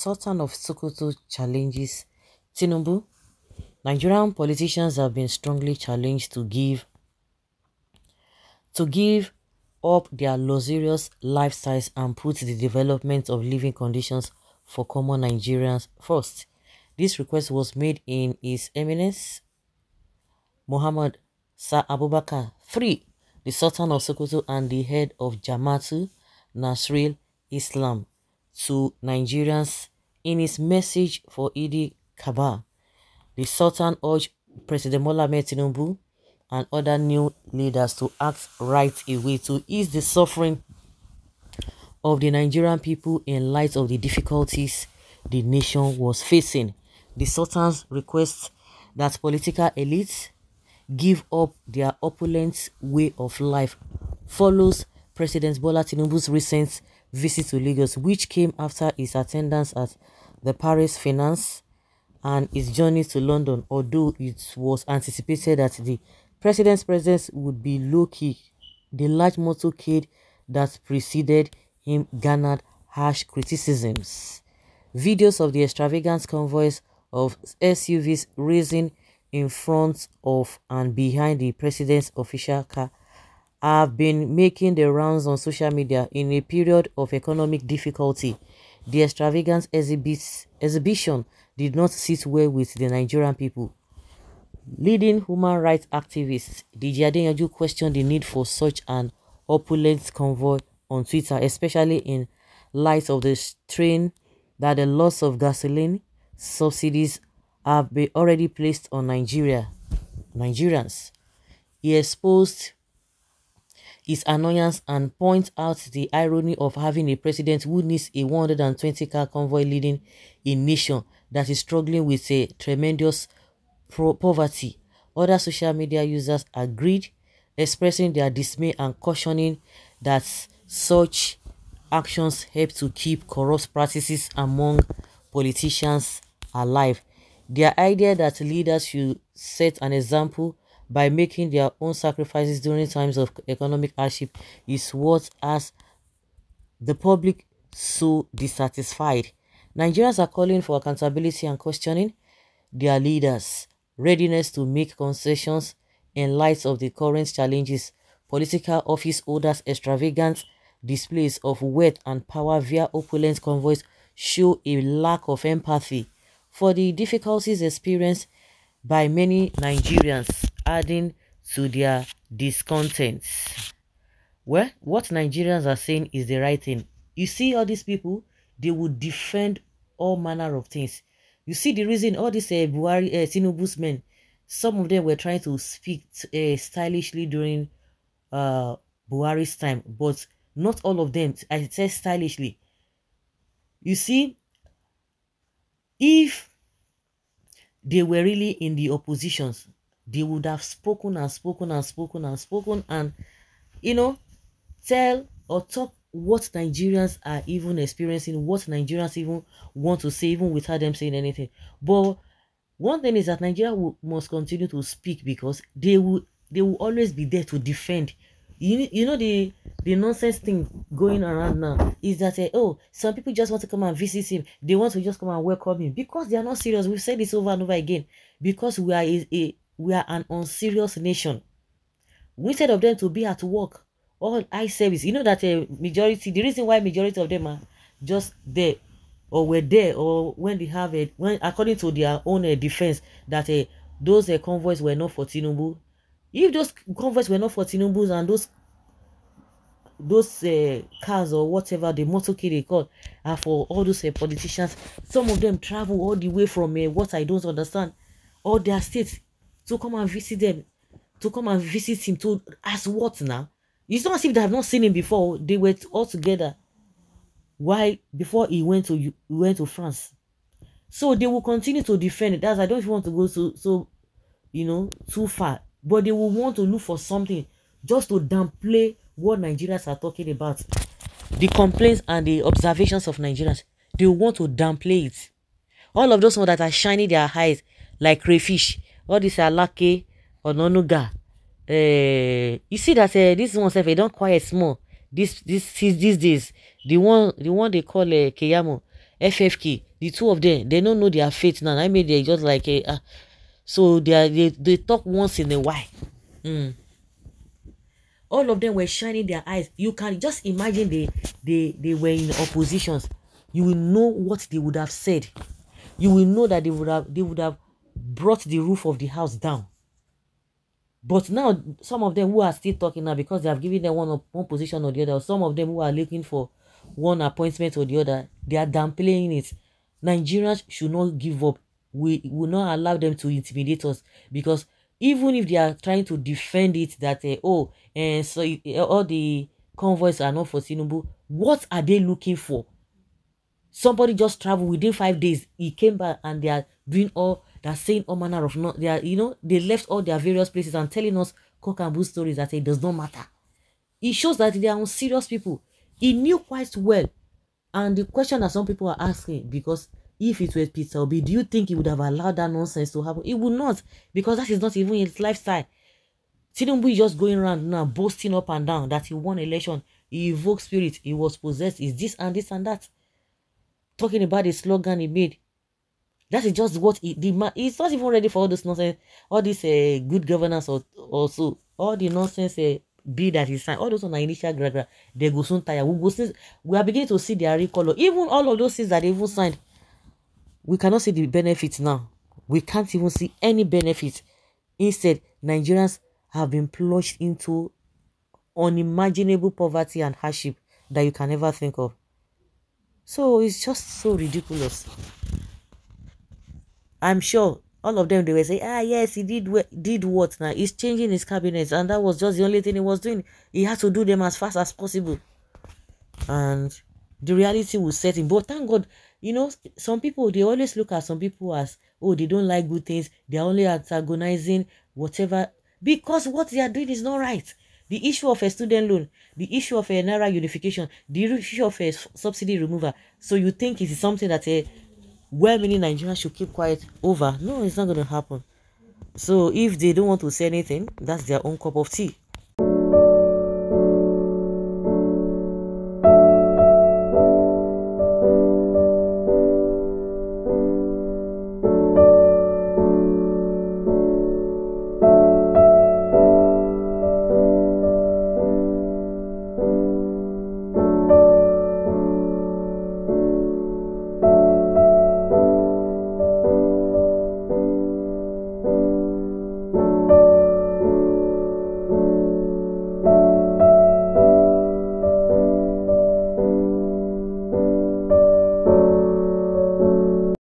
Sultan of Sokoto challenges Tinubu. Nigerian politicians have been strongly challenged to give to give up their luxurious lifestyles and put the development of living conditions for common Nigerians first. This request was made in His Eminence Muhammad Sa Abubakar III, the Sultan of Sokoto and the head of Jamatu Nasril Islam to Nigerians in his message for Idi Kaba, the Sultan urged President Mola Tinubu and other new leaders to act right away to ease the suffering of the Nigerian people in light of the difficulties the nation was facing. The Sultan's request that political elites give up their opulent way of life follows President Bola Tinubu's recent visit to Lagos, which came after his attendance at the Paris Finance and his journey to London, although it was anticipated that the president's presence would be low-key. The large motorcade that preceded him garnered harsh criticisms. Videos of the extravagant convoys of SUVs racing in front of and behind the president's official car have been making the rounds on social media in a period of economic difficulty. The extravagant exhibits, exhibition did not sit well with the Nigerian people. Leading human rights activist Diji Adeyanju questioned the need for such an opulent convoy on Twitter, especially in light of the strain that the loss of gasoline subsidies have been already placed on Nigeria, Nigerians. He exposed his annoyance and point out the irony of having a president who needs a 120-car convoy leading a nation that is struggling with a tremendous poverty. Other social media users agreed, expressing their dismay and cautioning that such actions help to keep corrupt practices among politicians alive. Their idea that leaders should set an example by making their own sacrifices during times of economic hardship is what has the public so dissatisfied. Nigerians are calling for accountability and questioning their leaders' readiness to make concessions in light of the current challenges, political office holders' extravagant displays of wealth and power via opulent convoys show a lack of empathy for the difficulties experienced by many Nigerians adding to their discontent. Well, what Nigerians are saying is the right thing. You see all these people, they will defend all manner of things. You see the reason all these uh, Buhari, uh, men, some of them were trying to speak uh, stylishly during uh, Buhari's time, but not all of them. I said stylishly. You see, if they were really in the oppositions, they would have spoken and spoken and spoken and spoken and, you know, tell or talk what Nigerians are even experiencing, what Nigerians even want to say, even without them saying anything. But one thing is that Nigeria will, must continue to speak because they will they will always be there to defend. You, you know the the nonsense thing going around now is that uh, oh some people just want to come and visit him they want to just come and welcome him because they are not serious we've said this over and over again because we are a, a we are an unserious nation. Instead of them to be at work or on eye service, you know that a uh, majority, the reason why majority of them are just there or were there or when they have a, when according to their own uh, defense that uh, those uh, convoys were not for Tinubu. If those convoys were not for Tinubu and those those uh, cars or whatever the motorcade they call are for all those uh, politicians. Some of them travel all the way from uh, what I don't understand, all their states to come and visit them, to come and visit him, to ask what now? It's not as if they have not seen him before. They were all together. Why before he went to he went to France? So they will continue to defend it. That's I don't even want to go so so you know too far. But they will want to look for something just to downplay what Nigerians are talking about. The complaints and the observations of Nigerians. They want to downplay it. All of those ones that are shining their eyes like crayfish all this alake onanuga uh, eh, you see that uh, this one sef e eh, don quiet small this this these days the one the one they call uh, keyamo ffk the two of them they no know their faith now i mean they just like uh, so they are they, they talk once in a while mm. all of them were shining their eyes you can just imagine they they they were in oppositions you will know what they would have said you will know that they would have they would have brought the roof of the house down. But now, some of them who are still talking now because they have given them one, one position or the other, or some of them who are looking for one appointment or the other, they are downplaying it. Nigerians should not give up. We will not allow them to intimidate us because even if they are trying to defend it that, uh, oh, and uh, eh, so uh, all the convoys are not for Tinubu, what are they looking for? Somebody just traveled within five days. He came back and they are doing all that saying all manner of not. They are, you know, they left all their various places and telling us cock and bull stories that it does not matter. It shows that they are serious people. He knew quite well. And the question that some people are asking, because if it were Peter Obi, do you think he would have allowed that nonsense to happen? He would not, because that is not even his lifestyle. Tinubu is just going around now boasting up and down that he won election, he evoked spirit, he was possessed, is this and this and that. Talking about the slogan he made, that is just what it demand. It's not even ready for all this nonsense, all this uh, good governance or also all the nonsense uh, that that is signed. All those on the initial gra they go soon tire. We go since we are beginning to see their recolor. Even all of those things that they even signed, we cannot see the benefits now. We can't even see any benefits. Instead, Nigerians have been plunged into unimaginable poverty and hardship that you can never think of. So it's just so ridiculous. I'm sure all of them they were saying, ah yes, he did did what now? He's changing his cabinets, and that was just the only thing he was doing. He had to do them as fast as possible, and the reality was set in. But thank God, you know, some people they always look at some people as oh they don't like good things. They are only antagonizing whatever because what they are doing is not right. The issue of a student loan, the issue of a narrow unification, the issue of a subsidy remover. So you think it is something that a eh, where many Nigerians should keep quiet over. No, it's not going to happen. So if they don't want to say anything, that's their own cup of tea.